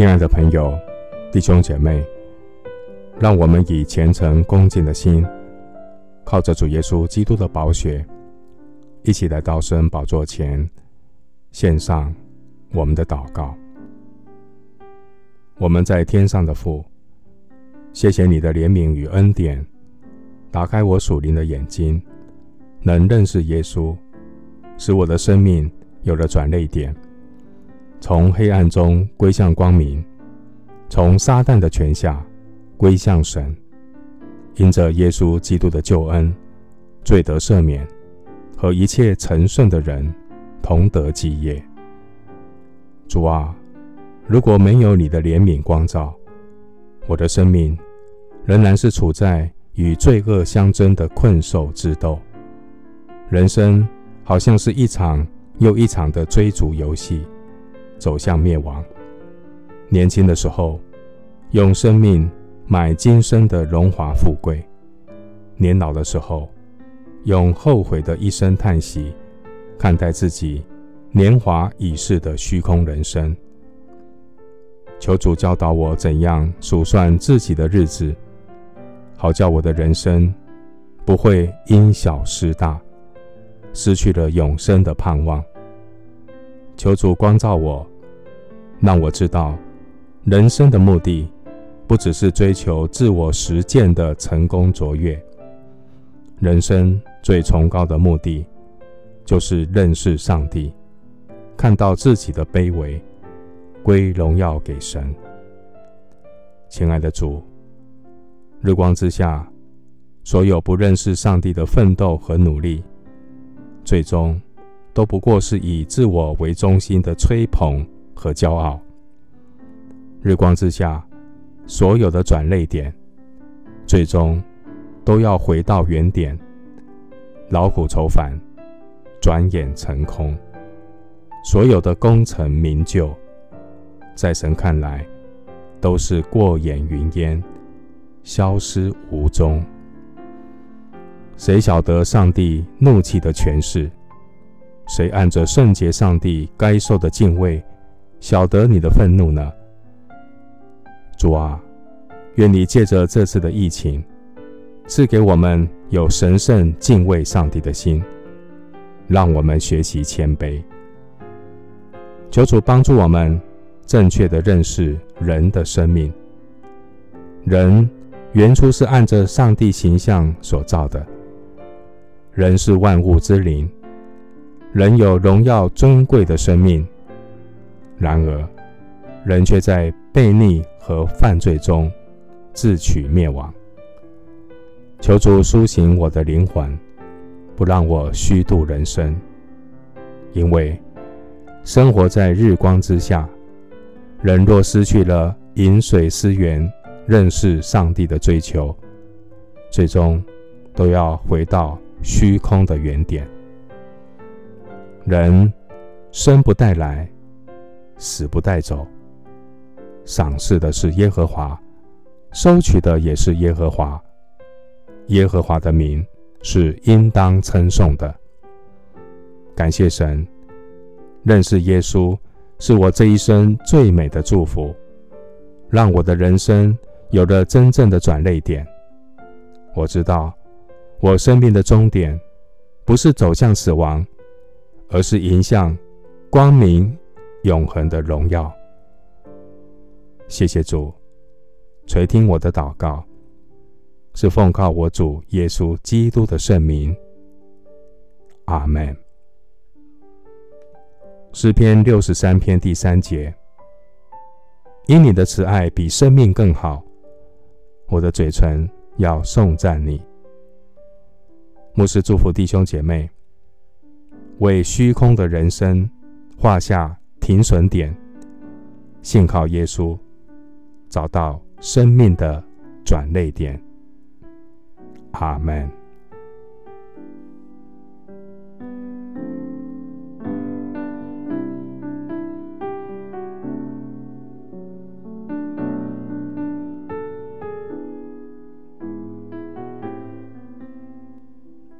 親愛的朋友、弟兄姐妹，讓我們以虔誠恭敬的心，靠着主耶穌基督的寶血，一起來到神寶座前，獻上我們的禱告。我們在天上的父，謝謝你的憐憫與恩典，打開我屬靈的眼睛，能認識耶穌，使我的生命有了轉捩點。從黑暗中歸向光明，從撒旦的權下歸向神，因着耶穌基督的救恩，罪得赦免，和一切成聖的人同得基業。主啊，如果沒有你的憐憫光照，我的生命仍然是處在與罪惡相爭的困獸之鬥。人生好像是一場又一場的追逐遊戲。走向滅亡。年輕的時候，用生命買今生的榮華富貴；年老的時候，用後悔的一聲嘆息看待自己年華已逝的虛空人生。求主教導我怎樣數算自己的日子，好叫我的人生不會因小失大，失去了永生的盼望。求主光照我，讓我知道，人生的目的不只是追求自我實踐的成功卓越。人生最崇高的目的，就是認識上帝，看到自己的卑微，歸榮耀給神。親愛的主，日光之下，所有不認識上帝的奮鬥和努力，最終。都不過是以自我為中心的吹捧和驕傲。日光之下，所有的轉捩點，最終都要回到原點，勞苦愁煩，轉眼成空。所有的功成名就，在神看來，都是過眼雲煙，消失無蹤。誰曉得上帝怒氣的權勢？誰按着聖潔上帝該受的敬畏，曉得你的憤怒呢？主啊，願你借着這次的疫情，賜給我們有神聖敬畏上帝的心，讓我們學習謙卑。求主幫助我們，正確地認識人的生命。人原初是按着上帝形象所造的，人是萬物之靈。人有榮耀尊貴的生命，然而人卻在悖逆和犯罪中自取滅亡。求主蘇醒我的靈魂，不讓我虛度人生。因為生活在日光之下，人若失去了飲水思源、認識上帝的追求，最終都要回到虛空的原點。人生不帶來，死不帶走。賞賜的是耶和華，收取的也是耶和華。耶和華的名是應當稱頌的。感謝神，認識耶穌是我這一生最美的祝福，讓我的人生有了真正的轉捩點。我知道，我生命的終點不是走向死亡。而是迎向光明、永恆的榮耀。謝謝主，垂聽我的禱告，是奉靠我主耶穌基督的聖名。阿門。詩篇六十三篇第三節：因你的慈愛比生命更好，我的嘴唇要頌讚你。牧師祝福弟兄姐妹。為虛空的人生畫下停損點，信靠耶穌，找到生命的轉捩點。阿門。